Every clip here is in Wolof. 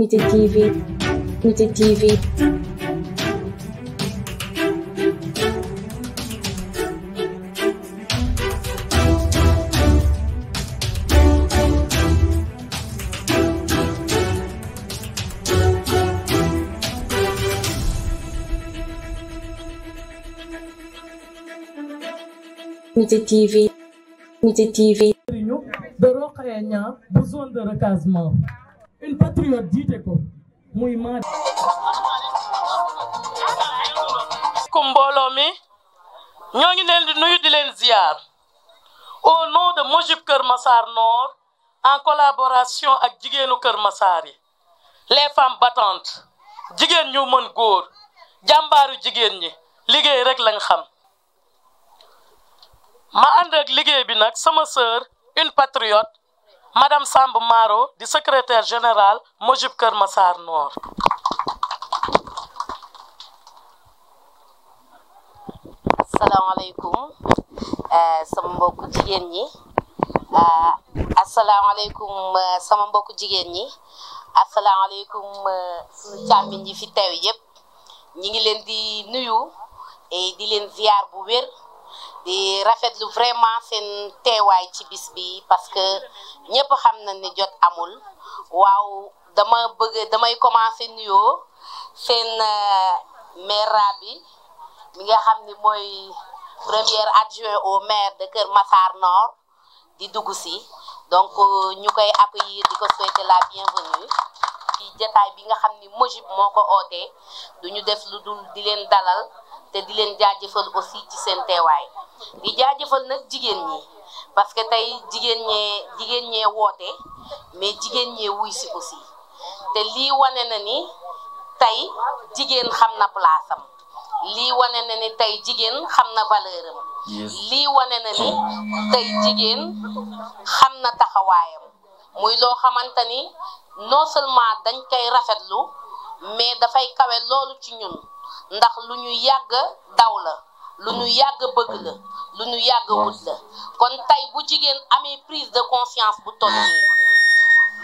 Unité TV, Unité TV. Unité TV, Unité TV. Nous, de besoin de recasement une patriote jiite ko muy maa kum mi ñoo ngi leen di nuyu di leen ziar au nom de Mojib Kër Massar Nord en collaboration avec jigéenu Kër Massar les femmes battantes jigéen ñu mën góor jàmbaaru jigéen ñi liggéey rek lañ xam ma ànd ak liggéey bi nag sama sœur une patriote madame Samb Maro di secrétaire générale Mojib Kër Massar Nord asalaamaaleykum eh, eh, eh, sama mbokku jigéen ñi asalaamaaleykum sama mbokku jigéen ñi asalaamaaleykum suñu càmmiñ yi fi teew yépp ñi ngi leen di nuyu di leen ziar bu wér di rafet lu vraiment seen teewaay ci bis bi parce que ñëpp xam na ni jot amul waaw dama bëgg damay commencer nuyoo seen euh, maire bi mi nga xam ni mooy premier adjoint au maire de Kër Massar Nord di dugg si donc euh, ñu koy accueillir di ko souhaiter la bienvenue ci jataay bi nga xam ni Mojib moo ko ootee du ñu def lu dul di leen dalal te di leen jaajëfal aussi ci seen teewaay di jaajëfal nag jigéen ñi parce que tey jigéen ñee jigéen ñee woote mais jigéen ñee wuy si aussi te lii wane na ni tey jigéen xam na place lii wane na ni tey jigéen xam na valeur wane na jigéen xam na taxawaayam muy loo xamante ni non seulement dañ koy rafetlu mais dafay kawe loolu ci ñun ndax lu ñu yàgg daw la lu ñu yàgg bëgg la lu ñu yàgg wut la kon tey bu jigéen amee prise de conscience bu toll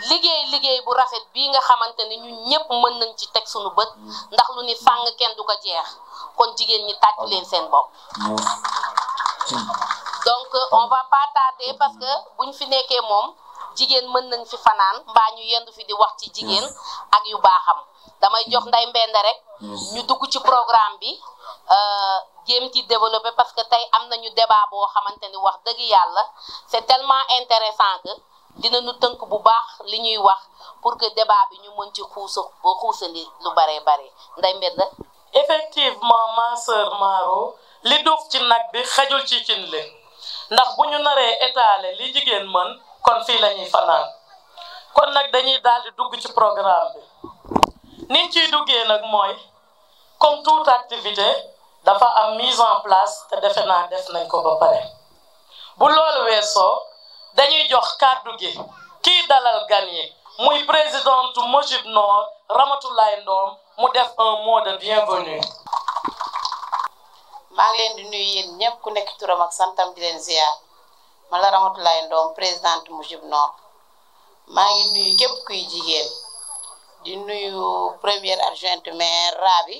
liggéey liggéey bu rafet bii nga xamante ne ñun ñëpp mën nañ ci teg suñu bët ndax lu ni fàng kenn du ko jeex kon jigéen ñi tàcc leen seen bopp donc on va pas tarder parce que ñu fi nekkee moom jigéen mën nañ fi fanaan mbaa ñu yendu fi di wax ci jigéen ak yu baaxam damay jox nday mbend rek ñu dugg ci programme bi euh, jéem ci développer parce que tey am nañu débat boo xamante ni wax dëgg yàlla c'est tellement intéressant dina ñu tënk bu baax li ñuy wax pour que débat bi ñu mën ci xuusa ba xuusali lu bare bare nday mbend effectivement ma sœur Maro li duuf ci nag bi xajul ci cin li ndax bu ñu naree étaler li jigéen mën kon fii la ñuy fanaan kon nag dañuy daal dugg ci programme bi niñ ciy duggee nag mooy comme toute activité dafa am mise en place te defe naa def nañ ko ba pare bu loolu weesoo dañuy jox kàddu gi kii dalal gan yi muy présidente Mojib Noor Ramatoulaye Ndoom mu def un mot de bienvenue. maa ngi leen di nuyu yéen ñëpp ku nekk turam ak santam di leen ziar man la Ramatoulaye Ndoom présidente Mojib Noor maa ngi nuyu képp kuy jigéen. di nuyu première adjointe maire Rabi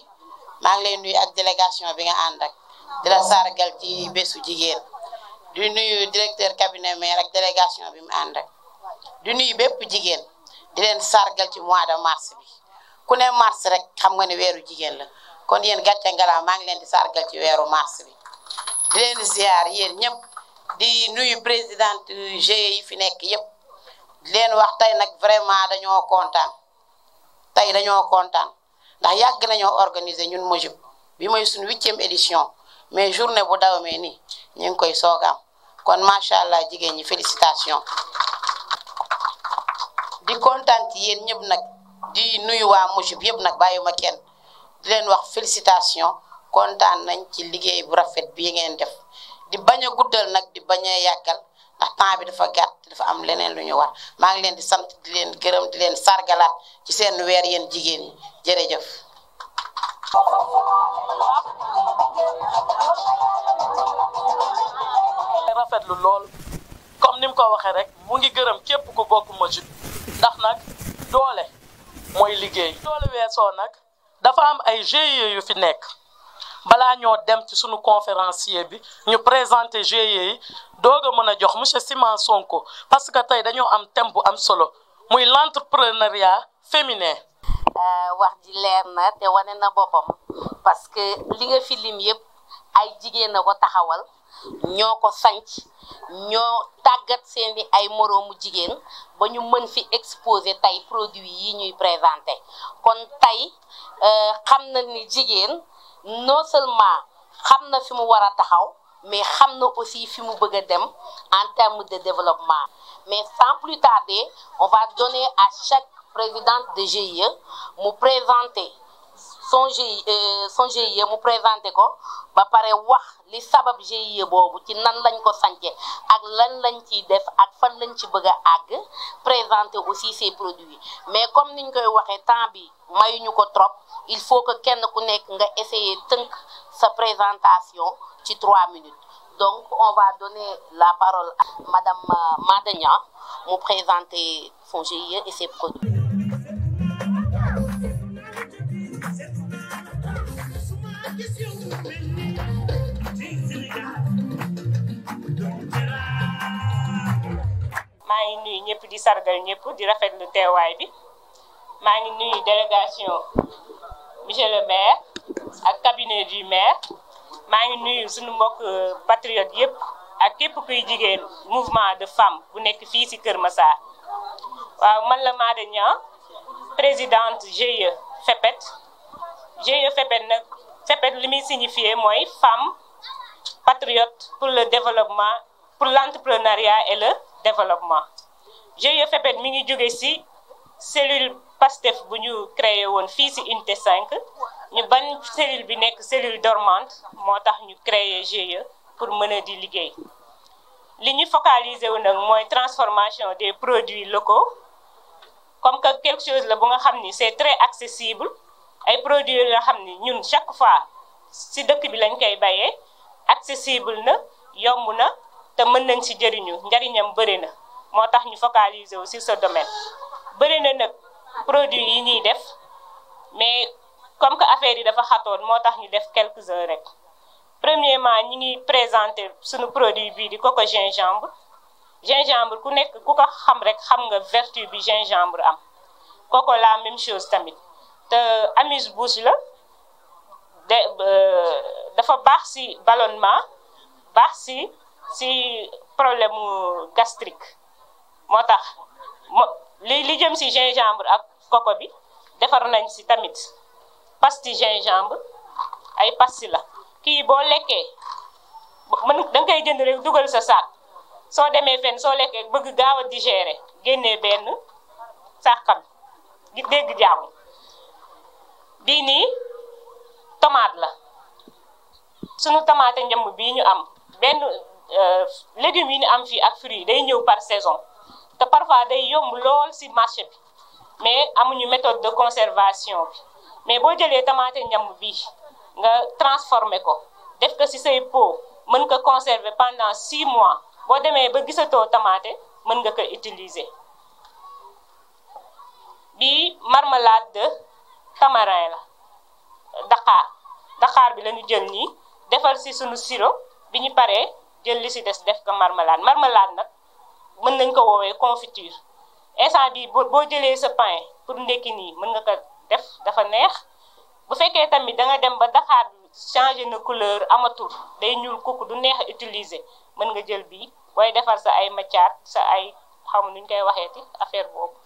maa ngi leen nuyu ak délégation bi nga ànd ak di la sargal ci bésu jigéen di nuyu directeur cabinet maire ak délégation bi mu ànd ak di nuyu bépp jigéen di leen sargal ci mois de mars bi ku ne mars rek xam nga ne weeru jigéen la kon yéen gàcce ngalaam maa ngi leen di sargal ci weeru mars bi di leen ziar yéen ñëpp di nuyu présidente GIE yi fi nekk yëpp leen wax tey nag vraiment dañoo kontaan. tey dañoo kontaan ndax yàgg nañoo organiser ñun mojub bi mooy suñu huitième édition mais journée bu dawmee nii ñu ngi koy soogaam kon macha allah jigéen ñi félicitation di kontaan ci yéen ñëpp nag di nuyu waa mojub yëpp nag bàyyiwuma kenn di leen wax félicitation kontaan nañ ci liggéey bu rafet bi ngeen def di bañ a guddal nag di bañ a yàggal ndax temps bi dafa gàtt dafa am leneen lu ñu war maa ngi leen di sant di leen gërëm di leen sargalaat ci seen weer yéen jigéen ñi jërëjëf. rafetlu lool comme ni ko waxee rek mu ngi gërëm képp ku bokk Moju ndax nag doole mooy liggéey doole weesoo nag dafa am ay GIE yu fi nekk. balaa ñoo dem ci suñu conférencier bi ñu présenter GIE yi doog a mën a jox monsieur Simon Sonko parce que tey dañoo am thème bu am solo muy lentre l'entrepreneuriat féminin. Euh, wax ji leer na te wane na boppam parce que li nga fi lim yëpp ay jigéen a ko taxawal ñoo ko sanc ñoo tàggat seeni ay moroomu jigéen ba ñu mën fi exposé tey produit yi ñuy présenté kon tey euh, xam na ni jigéen. non seulement xam na fi mu war a taxaw mais xam na aussi fi mu bëgg a dem en termes de développement mais sans plus tarder on va donner à chaque présidente de GIE mu présenter son GIE euh, son GIE mu présenter ko ba pare wax li sabab GIE boobu ci nan lañ ko sance ak lan lañ ciy def ak fan lañ ci bëgg a àgg présenter aussi ses produits mais comme niñ koy waxee temps bi mayuñu ko trop il faut que quelqu'un ku nga essayer sa présentation ci trois minutes donc on va donner la parole à madame euh, Madenia pour présenter son GIE et ses produits. Je suis nuyu ñëpp di sargal ñëpp di rafetlu teewaay bi maa ngi délégation monsieur le maire ak cabinet du maire maa ngi nuyu sunu mbokk patriote yépp ak képp kuy jigéen mouvement de femme bu nekk fii ci Kër Massar waaw man la Mada Niang présidente GIE FEPET GIE FEPET nag FEPET li muy signifié mooy femme patriote pour le développement pour l'entrepreneuriat et le développement GIE FEPET mi ngi jóge ci cellule pastef bu ñu créer woon fii si unité cinq ñu bañ cellule bi nekk cellule dormante moo tax ñu créé GIE pour mën di liggéey li ñu focaliser wu nag mooy transformation des produits locaux comme que quelque chose la bu nga xam ni c'est très accessible ay produits la nga xam ni ñun chaque fois si dëkk bi lañ koy bayee accessible na yomb na te mën nañ si jëriñu njariñam bëri na moo tax ñu focaliser wu si sa domaine bëri na nag produit yi ñuy def mais comme que affaire yi dafa xatoon moo tax ñu def quelques heures rek premièrement ñi ngi présenter suñu produit bii di coco gingembre gingembre ku nekk ku ko xam rek xam nga vertu bi gingembre am coco la même chose tamit te amuse-bouche la de euh, dafa baax si ballonnement baax si si problème gastrique moo tax li li jëm si gingembre ak koko bi defar nañ si tamit pasti gingembre ay pasti la kii boo lekkee mën da koy jënd rek dugal sa saak soo demee fenn soo lekkee bëgg gaaw a digérer génnee benn sàqam gi dégg jaamu bii nii tomate la sunu tomate njëmb bii ñu am benn euh, légumes yi ñu am fii ak fruits day ñëw par saison te parfois day yomb lol si marché bi mais amuñu méthode de conservation bi mais bo jëlé tamaate ñam bi nga transformer ko def ko ci say pot mën ko conserver pendant six mois bo démé ba gissato tamaté mën nga ko utiliser bi marmelade de tamarin la dakar dakar bi lañu jël ni defal ci sunu sirop biñu paré jël li ci des def ko marmelade marmelade nak mën nañ ko woowee confiture instant bi boo jëlee sa pain pour ndekki nii mën nga ko def dafa neex bu fekkee tamit danga dem ba daxaar bi changé na couleur amatul day ñuul kukk du neex a utiliser mën nga jël bii booy defar sa ay macaat sa ay xam nuñ koy ti affaire boobu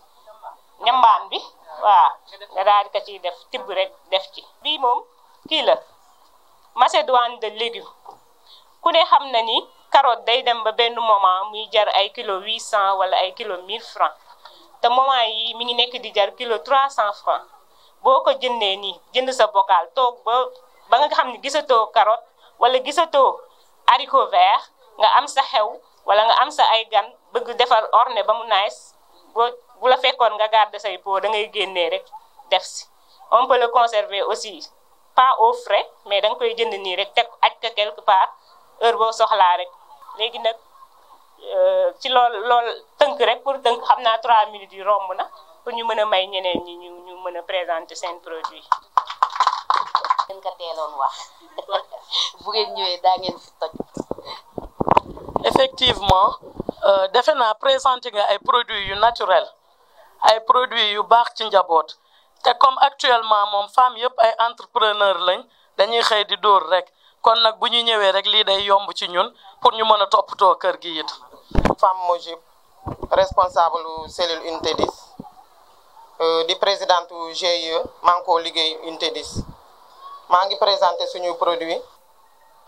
ñambaan bi waaw nga daal di ko ciy def tibb rek def ci bii moom kii la macédoine de légumes ku ne xam na ni carotte day dem ba benn moment muy jar ay kilo 800 wala ay kilo 1000 francs te moment yi mi ngi nekk di jar kilo 300 francs boo ko jëndee nii jënd sa bocal toog ba ba nga xam ne gisatoo carotte wala gisatoo haricot vert nga am sa xew wala nga am sa ay gan bëgg defar orne ba mu nice boo bu fekkoon nga garder say pot dangay ngay génnee rek def si on peut le conserver aussi pas au frais mais da nga koy jënd nii rek teg aj ko quelque part heure boo soxlaa léegi nag euh, ci lool lool tënk rek pour tënk xam naa 3 minutes yi romb na pour ñu mën a may ñeneen ñi ñu ñu mën a présenter seen produit. ngeen ko teeloon wax bu ngeen ñëwee daa ngeen fi toj. effectivement euh, defe naa présenter nga ay produits yu naturel ay produits yu baax ci njaboot te comme actuellement moom femme yëpp ay entrepreneur lañ dañuy xëy di dóor rek. kon nag bu ñu ñëwee rek lii day yomb ci ñun pour ñu mën a toppatoo kër gi it. Femme Mojib responsable cellule unité 10 euh, di présidente GIE maa ngi koo liggéey unité 10 maa ngi présenté suñu produit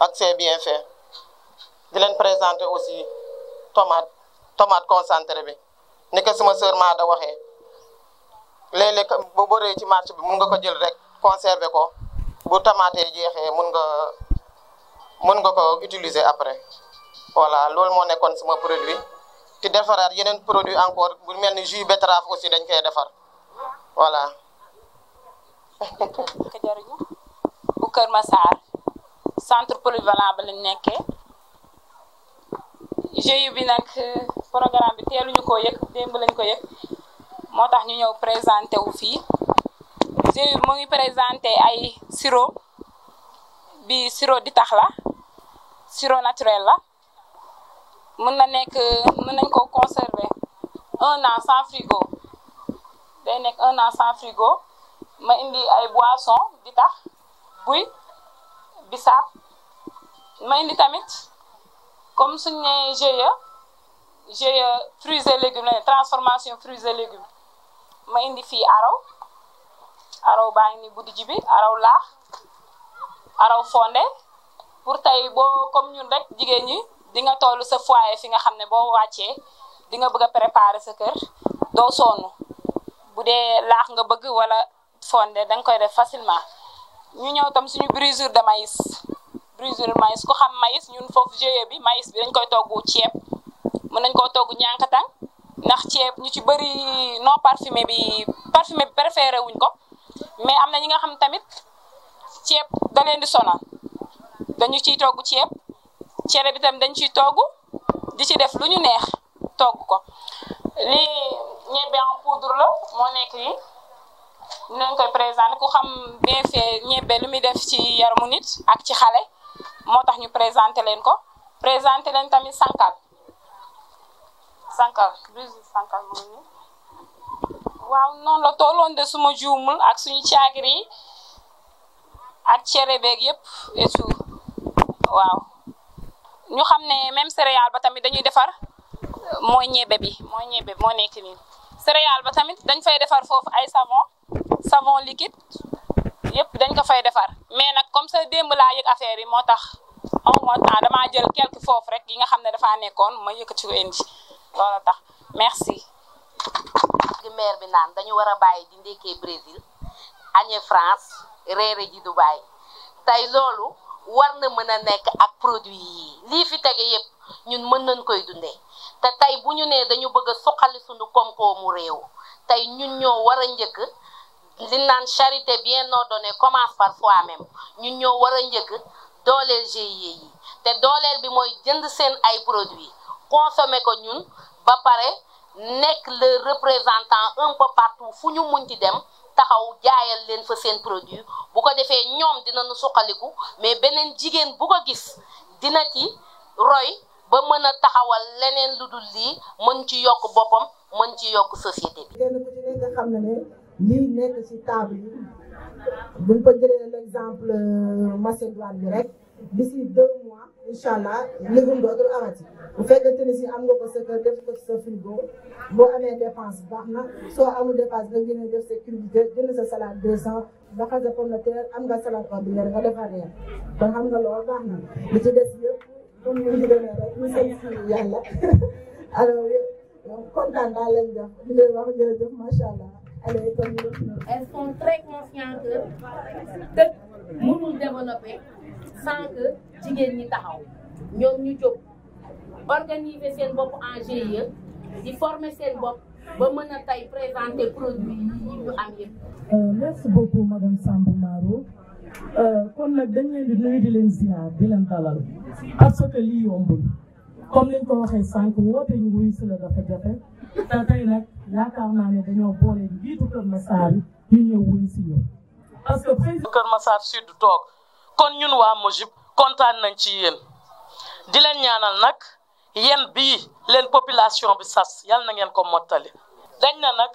ak bien bienfaits di leen présenté aussi tomate tomate concentré bi ni ko sama sœur Maada waxee léeg-léeg boo bëree ci marché bi mun nga ko jël rek conserver ko bu tamaatee jeexee mën nga ko utiliser après voilà loolu moo nekkoon sama produit te defaraat yeneen produit encore bu mel ni jus betterave aussi dañ koy defar voilà. ka jariñu bu Kër Massar centre polyvalent ba lañ nekkee GIE bi nag programme bi teeluñu ko yëg démb lañ ko yëg moo tax ñu ñëw présenté wu fii GIE bi mu ngi présenté ay sirop bi sirop di tax la suro naturel la mën na nekk mën nañ ko conserver un an sans frigo day nekk un an sans frigo ma indi ay boisson di tax buy bisaab ma indi tamit comme suñ ne GIE GIE fruits et légumes transformation fruits et légumes ma indi fii araw araw baa ngi ni buddi ji bi araw laax araw fonde pour tey boo comme ñun rek jigéen ñi di nga toll sa foyer fi nga xam ne boo wàccee dinga nga bëgg a préparer sa kër doo sonn bu dee laax nga bëgg wala fonde da nga koy def facilement ñu ñëw tam suñu jours de maïs brisure maïs ku xam maïs ñun foofu GIE bi maïs bi dañ koy toggu ceeb mën nañ koo togg ñànkatan ndax ceeb ñu ci bëri non parfumé bi parfumé bi préféré wuñ ko mais am na ñi nga xam tamit ceeb da leen di sonal dañu ci togg ceeb cere bi tam dañ ciy togg di ci def lu ñu neex togg ko lii ñebe en poudre la moo nekk nii dinañ koy présenté ku xam bien fait ñebe lu muy def ci yaramu nit ak ci xale moo tax ñu présenté leen ko présenté leen tamit sankal sankal brise sankal mu waaw noonu la tooloon de suma juumul ak suñu caagir yi ak cere beeg yëpp waaw ñu xam ne même céréale ba tamit dañuy defar euh, mooy ñebe bi mooy ñebe moo nekk nii céréale ba tamit dañ fay defar foofu ay savon savon liquide yëpp dañ ko fay defar mais nag comme sa démb laa yëg affaire yi moo tax dama jël quelque foofu rek yi nga xam ne dafaa nekkoon ma yëkkati ko indi loola tax merci gi maire bi naan dañu war a bàyyi di ndekkee Brésil añee France reere ji Dubaï tey loolu war na mën a nekk ak produit yi lii fi tege yépp ñun mën nañ koy dundee te tey bu ñu nee dañu bëgg a suqali suñu koom-koomu réew tey ñun ñoo war a njëkk li charité bien ordonnée commence par soi-même ñun ñoo war a njëkk dooleel GIE yi te dooleel bi mooy jënd seen ay produits consommer ko ñun ba pare nekk le représentant un peu partout fu ñu mun munti dem taxaw jaayal leen fa seen produit bu ko defee ñoom dinañu suqaliku mais beneen jigéen bu ko gis dina ci roy ba mën a taxawal leneen lu dul lii mën ci yokk boppam mën ci yokk société bi. kenn xam na ne lii nekk ci table yi bu ñu ko jëlee l'exemple euh, Macédoine bi rek d'ici deux mois. inshallah allah lëgum dootul amati bu fekkente ni si am nga ko sa kër def ko sa frigo bo amee dépense baax na soo amul dépense da gën def sa crudité jël sa salaire 200 cent ba sa pomme de terre am nga salaire ordinaire nga defar rien kon xam nga lool baax li ci dess yëpp comme ñu demee rek ñu sant ci yalla alors kontaan da lañ def di leen wax jërëjëf macha allah. elles sont très conscientes que mënul développer. sans que jigéen ñi taxaw ñoom ñu jóg organiser seen bopp en GIE di former seen bopp ba mën a tey présenter produit yi ñu am yëpp. Euh, merci beaucoup madame Sambou Maro euh, kon nag dañ leen di nuyu di leen ziar di leen dalal parce que lii yombul comme ko waxee sànq woote ñu wuyu si la dafa jafe te tey nag yaakaar naa ne dañoo boole njiitu Kër Massar yi ñu ñëw wuyu si ñoom parce que président Kër Massar Sud toog. kon ñun waa Mojib kontaan nañ ci yéen di leen ñaanal nag yéen bi leen population bi sas yal na ngeen ko mottali dañ na nag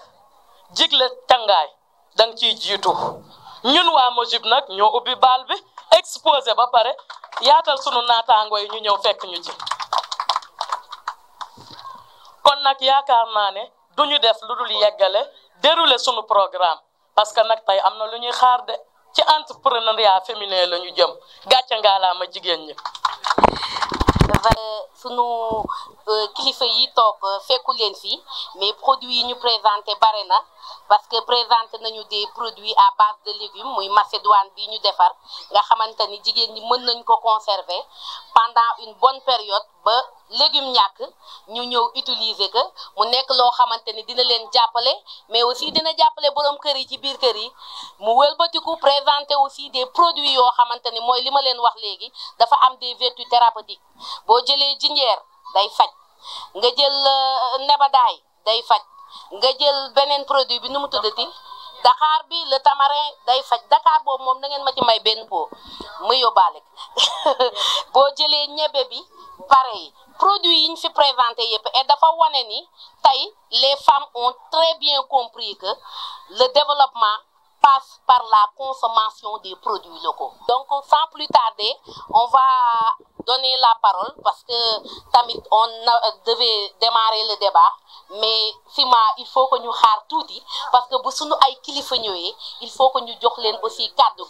jigle tàngaay danga ciy jiitu ñun waa Mojib nag ñoo ubbi baal bi exposé ba pare yaatal sunu naataangoo yi ñu ñëw fekk ñu ci kon nag yaakaar naa ne du ñu def lu dul yeggale déroulé sunu programme parce que nag tey am na lu ñuy xaar de ci entrepreneuriat féminin la ñu jëm gàcce ngaalaama jigéen ñi. Euh, sunu euh, kilifa yi toog euh, fekku leen fi mais produit yi ñu présenté bare na. parce que présenté nañu des produits à base de légumes muy macédoine bi ñu défar nga xamante ni jigéen ñi mën nañ ko conserver pendant une bonne période ba légumes ñàkk ñu ñëw utiliser que mu nekk loo xamante ni dina leen jàppale mais aussi dina jàppale borom kër yi ci biir kër yi mu wëlbatiku présenter aussi des produits yoo xamante ni mooy li ma leen wax léegi dafa am des vertus thérapeutiques boo jëlee jinjeer day faj nga jël euh, nebadaay day faj nga jël beneen produit bi nu mu tuddati daxaar bi le tamarin day faj Dakar boobu moom na ngeen ma ci may benn pot mu yóbbaale boo jëlee ñebe bi pareil produit yi ñu fi présenté yëpp et dafa wane ni tey les femmes on très bien compris que le développement. passe par la consommation des produits locaux. Donc, sans plus tarder, on va donner la parole parce que tamit on euh, devait démarrer le débat mais sima il faut que ñu tout dit parce que si nous ay kilifa ñëwee il faut que nous jox aussi des cadeaux.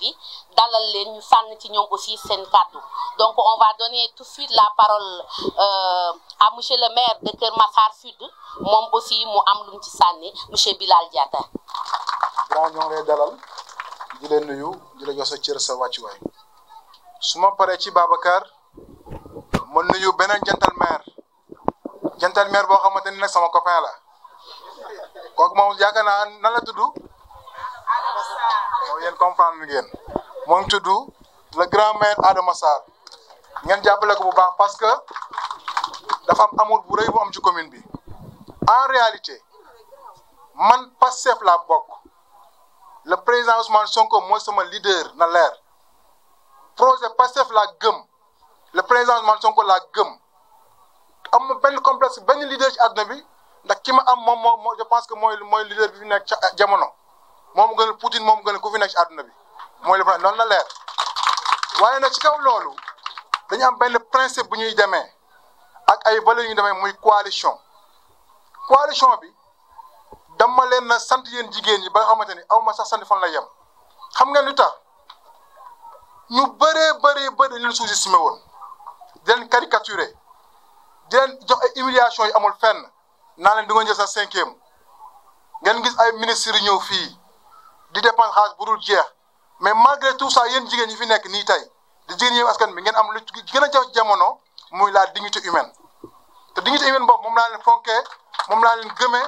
dalal leen nous sànn aussi des cadeaux. donc on va donner tout de suite la parole euh, à M. le maire de Kermassar Massar Sud moom aussi mu am monsieur Bilal Diata. bon ñoo lay dalal di leen nuyu di la jox cër sa wàccuwaay su ma paree ci Babacar ma nuyu beneen jantal maire jantal maire boo xamante ni nag sama copain la kooku moom yaakaar naa nan la tudd oh, yéen comprendre ngeen moo ngi tudd le grand maire Adama Sarr ngeen jàppale ko bu baax parce que dafa am bu rëy bu am ci commune bi en réalité man Pastef laa bokk le président Ousmane Sonko mooy sama leader na leer projet Pastef laa gëm le président Ousmane Sonko laa gëm am ma benn complexe benn leader ci àdduna bi ndax ki ma am moom moo je pense que mooy mooy leader bi fi nekk ca eh, jamono moom gën a Poutine moom gën a ku fi nekk ci àdduna bi mooy le problème noonu na leer waaye nag ci kaw loolu dañu am benn principe bu ñuy demee ak ay valeurs yu ñuy demee muy coalition coalition bi. dama leen na sant yéen jigéen ñi ba nga xamante ni aw ma sax sant fan la yem xam nga lu tax ñu bëree bëree bëri leen sous-estimé woon di leen caricaturé jox ay humiliation amul fenn naa leen di nga jël sa cinquième ngeen gis ay ministres ñëw fii di dépense xaalis bu dul jeex mais malgré tout ça yéen jigéen ñi fi nekk nii tey di jigéen ñi askan bi ngeen am lu gën a jox jamono muy la dignité humaine te dignité humaine boobu moom laa leen fonkee moom laa leen gëmee.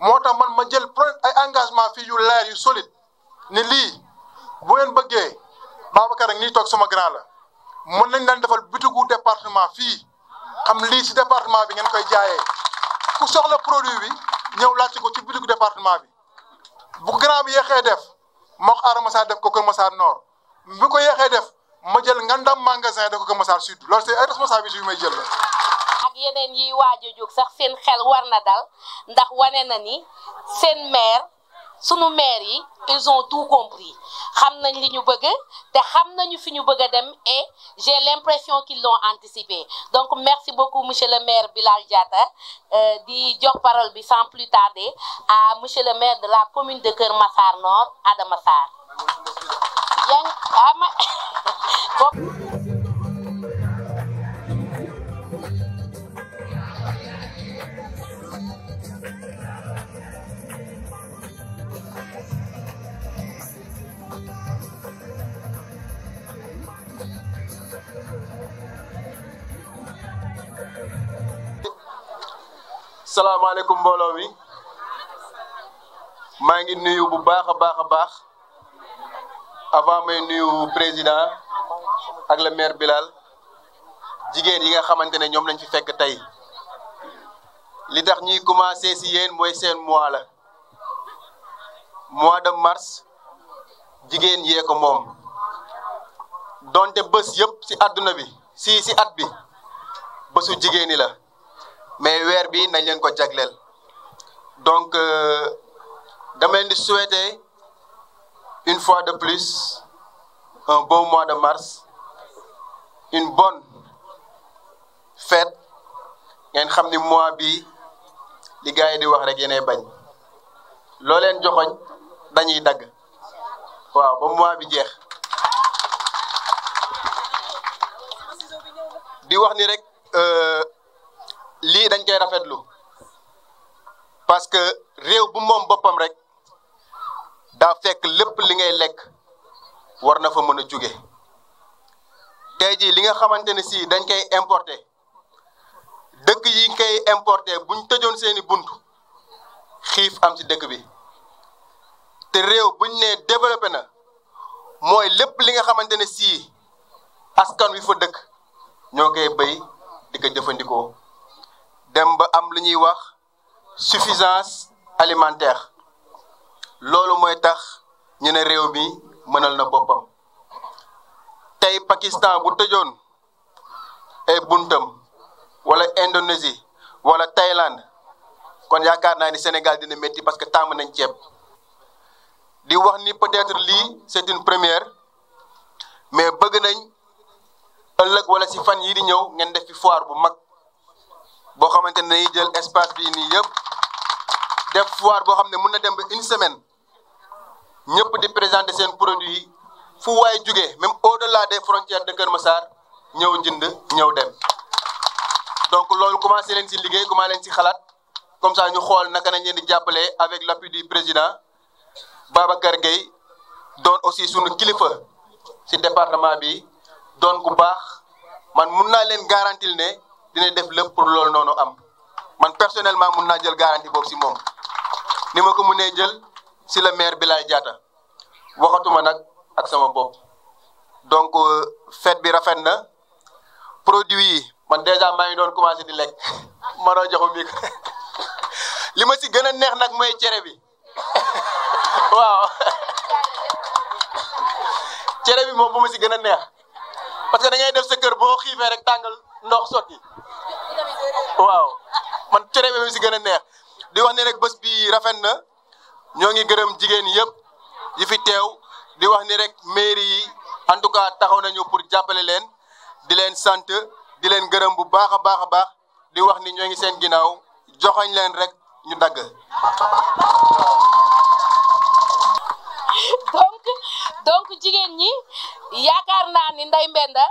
moo tax man ma jël ay engagement fii yu leer yu solide ni lii bu ngeen bëggee Babacar rek nii toog sama grand la mën nañ leen defal bitigu département fii xam lii si département bi ngeen koy jaayee ku soxla produit bi ñëw ci ko ci bitigu département bi bu grand bi yéexee def ma wax Aara Massar def ko Kër Massar Nord bu ko yéexee def ma jël ngandam magasin def ko Kër Massar Sud loolu c'est ay responsabilité yu may jël la yeneen yi waaj a jóg sax seen xel war na dal ndax wane na ni seen maire sunu maire yi ils ont tout compris xam nañ li ñu bëgg te xam nañu fi ñu bëgg a dem et j'ai l'impression qu'ils l'ont anticipé donc merci beaucoup monsieur le maire Bilal Diatta euh, di jox parole bi sans plus tarder à monsieur le maire de la commune de Kër Massar Nord Adama Sarr ah, salaamaaleykum mbooloo mi maa ngi nuyu bu baax a baax a baax avant may nuyu président ak le maire Bilal jigéen yi nga xamante ne ñoom lañ fi fekk tey li tax ñuy commencé si yéen mooy seen mois la mois de mars jigéen yee ko moom donte bés yëpp ci àdduna bi si si at bi bésu jigéen ñi la. mais weer bi nañ leen ko jagleel donc euh, dama leen di souhaiter une fois de plus un bon mois de mars une bonne fête ngeen xam ni mois bi li gars yi di wax rek yéenay bañ loo leen joxoñ dañuy dagg waaw ba mois bi jeex di wax ni rek euh, lii dañ koy rafetlu parce que réew bu moom boppam rek daa fekk lépp li ngay lekk war na fa mën a jóge tey jii li nga xamante ne si dañ koy importer dëkk yi koy importer buñ tëjoon seeni bunt xiif am ci dëkk bi te réew buñ nee développé na mooy lépp li nga xamante ne si askan wi fa dëkk ñoo koy béy di ko jëfandikoo. dem ba am lu ñuy wax suffisance alimentaire loolu mooy tax ñu ne réew mi mënal na boppam tey Pakistan bu tëjoon ay e buntam wala Indonésie wala Thaïlande kon yaakaar naa ni Sénégal dina métti parce que tàmm nañ ceeb di wax ni peut-être lii c'est une première mais bëgg nañ ëllëg wala si fan yii di ñëw ngeen def fi foire bu mag. bo xamante dañuy jël espace bi ni yëpp def foire bo xam mën na dem ba une semaine ñëpp di présenter seen produit yi fu way jugee même au-delà des frontières de Kër Massar ñëw njënd ñëw dem donc loolu commencé leen ci liggéey kuma leen ci xalaat comme ça ñu xool naka nañ leen di jàppalee avec l'appui du président Babacar Gueye doon aussi sunu kilifa si département bi doon ku baax man mun naa leen garantir ne. dinañ def lepp pour lool nonu am man personnellement mën naa jël garantie boobu si moom ni ma ko mënee jël si la maire Bilay Diatta waxatuma nag ak sama bopp donc euh, fête bi rafet na produit yi man dèjà maa ngi doon commencé di lekk ma doon joxu mi li ma si gën a neex nag mooy cere bi waaw cere bi moom bu ma si gën a neex parce que da ngay def sa kër boo xiifee rek tàngal ndox sotti waaw man cere bi si gën a neex di wax ne rek bés bi rafet na ñoo ngi gërëm jigéen yëpp yi fi teew di wax ni rek mairie yi en tout cas taxaw nañu pour jàppale leen di leen sant di leen gërëm bu baax a baax a baax di wax ni ñoo ngi seen ginnaaw joxañ leen rek ñu dagg. donc donc jigéen ñi yaakaar naa ni Mbenda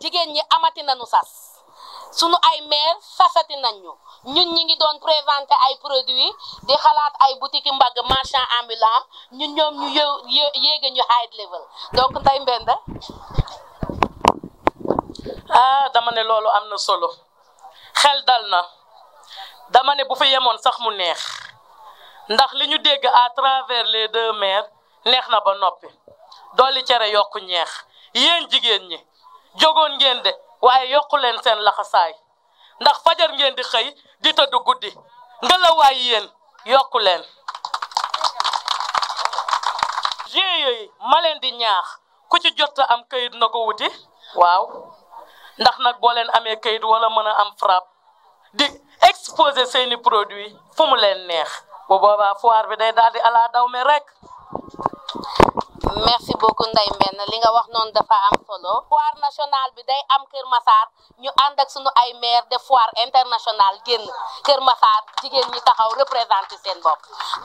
jigéen ñi amati nañu sas. sunu ay mair sasati nañ ñu ñi ngi doon présenté ay produits di xalaat ay boutique mbagg marchand ambulant ñun ñoom ñu yë yéege ñu high level donc tey Mbenda ah dama ne loolu am na solo xel dal na dama ne bu fi yemoon sax mu neex ndax li ñu dégg à travers le deux maires neex na ba noppi dolli cere yokk ñeex yéen jigéen ñi jogoon ngeen de. waaye yokku leen seen laxasaay ndax fajar ngeen di xëy di tëdd guddi ngelawaay yéen yokku leen. GIE ma leen di ñaax ku ci jot am kayit na ko wuti waaw ndax nag boo leen amee kayit wala mën a am frappe di exposer seeni produit fu mu leen neex bu boobaa foire bi day daal di ala daw mi rek. merci beaucoup nday mbenn li nga wax noonu dafa am solo foire national bi day am Kër Massar ñu ànd ak sunu ay maire de foire internationale génn Kër Massar jigéen ñi taxaw représenter seen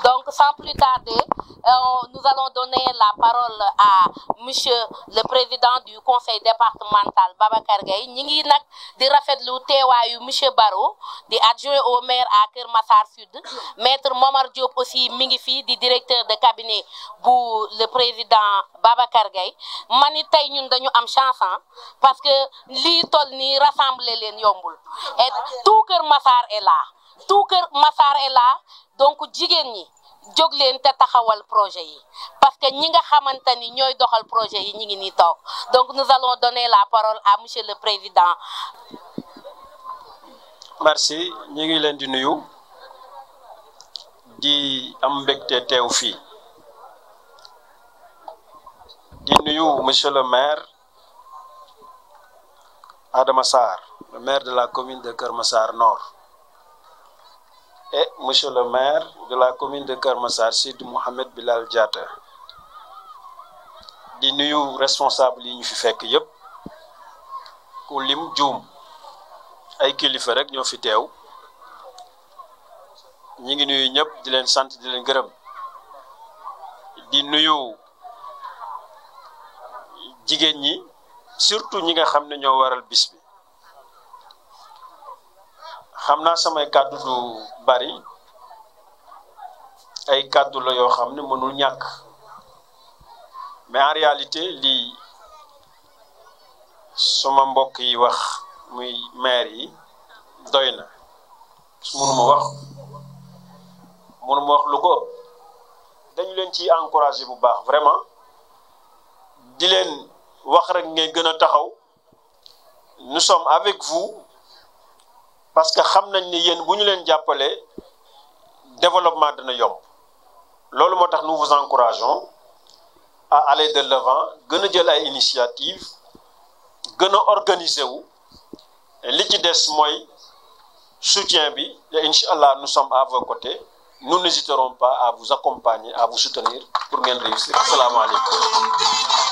donc sans plus tarder euh, nous allons donner la parole à monsieur le président du conseil départemental Babacar Gueye ñi ngi nag di rafetlu teewaayu monsieur Barro di adjoint au maire à Kër Massar Sud maître Momar Diop aussi mi ngi di directeur de cabinet bu le président président Babacar Gueye ma ni tey ñun dañu am chance parce que lii tol nii rassembler leen yombul et tout Kër Massar est là tout Kër Massar est là donc jigéen ñi jóg leen te taxawal projet yi parce que ñi nga xamante ni ñooy doxal projet yi ñi ngi nii toog donc nous allons donner la parole à monsieur le président. merci ñu ngi leen di nuyu di am mbégte teew fii. di nuyu monsieur le maire Adama Sar, le maire de la commune de Kermassar Nord et eh, monsieur le maire de la commune de Kermassar Sud Mohamed Bilal Diata. di nuyu responsable yi ñu fi fekk yépp ku lim juum ay kilifa rek ñoo fi tew. ñi ngi nuyu ñëpp di leen sant di leen gërëm di nuyu jigéen ñi surtout ñi nga xam ne ñoo waral bis bi xam naa samay kàddu du bari ay kàddu la yoo xam ne mënul ñàkk mais en réalité lii suma mbokk yi wax muy maire yi doy na mënuma wax mënuma wax lu ko dañu leen ci encouragé bu baax vraiment di leen wax rek nous sommes avec vous parce que xam nañ nous yéen bu ñu leen développement de nos loolu moo tax nous vous encourageons à aller de l'avant à a jël ay initiative gën organiser wu li ci soutien bi et nous sommes à vos côtés nous n'hésiterons pas à vous accompagner à vous soutenir pour ngeen réussir asalaamaaleykum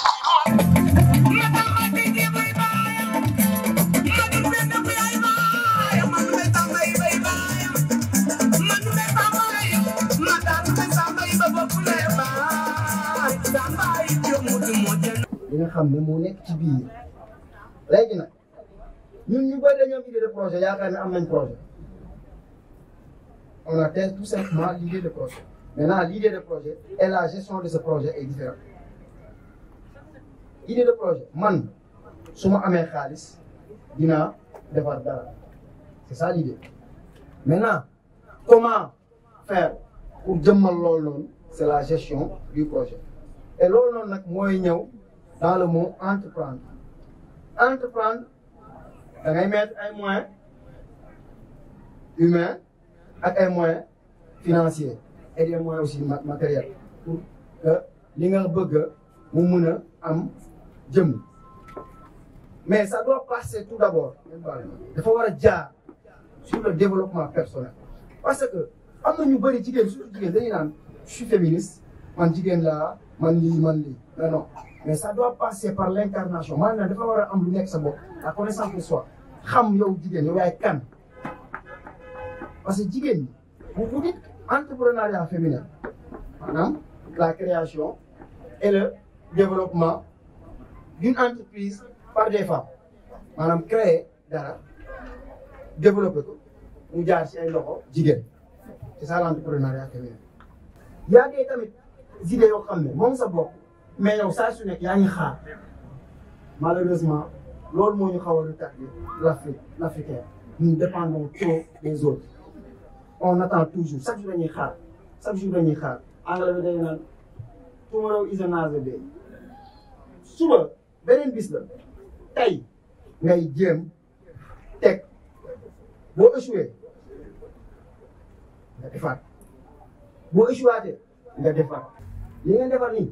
li nga xam ne moo nekk ci biir léegi nag ñun ñu idée de projet yaakaar ne am nañ projet on a tout simplement l'idée de projet maintenant l'idée de projet et la gestion de ce projet est différente idée de projet man suis ma amee xaalis dinaa defar dara c'est ça l'idée maintenant comment faire pour jëmmal loolu noonu c'est la gestion du projet et ce que nag mooy ñëw dans le mot entreprendre entreprendre da ngay mettre un moyen humain ak ay moyens financier, et un moyens aussi matériel, pour que li nga am mais ça doit passer tout d'abord Il faut un sur le développement personnel parce que quand na ñu je suis surtout je suis féministe mais ça doit passer par l'incarnation Je dafa war a am lu la connaissance de soi xam yow jigéen yow yaay kan parce que Jigen, vous vous dites entrepreneuriat féminin madame la création et le développement d'une entreprise par des femmes madame créer dara développer tout c'est ça l'entrepreneuriat féminin Il y a des idées qui sont ne mais yow saa su nekk yaa xaar malheureusement lool moo ñu xaw a retardé l'Afrique l'Africain ñu dépendons trop des autres on attend toujours chaque jour dañuy xaar chaque jour dañuy xaar anglais bi day naan tomorrow is another day suba beneen bis la tey ngay jéem teg boo échoué nga defaat boo échouaatee nga defaat li nga defar nii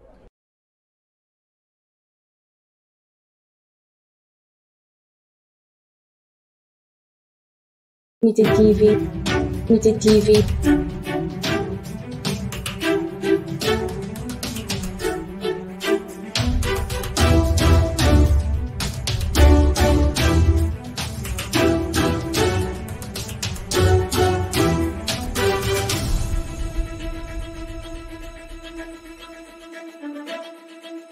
detetive, detetive.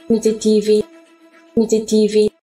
Detetive, detetive.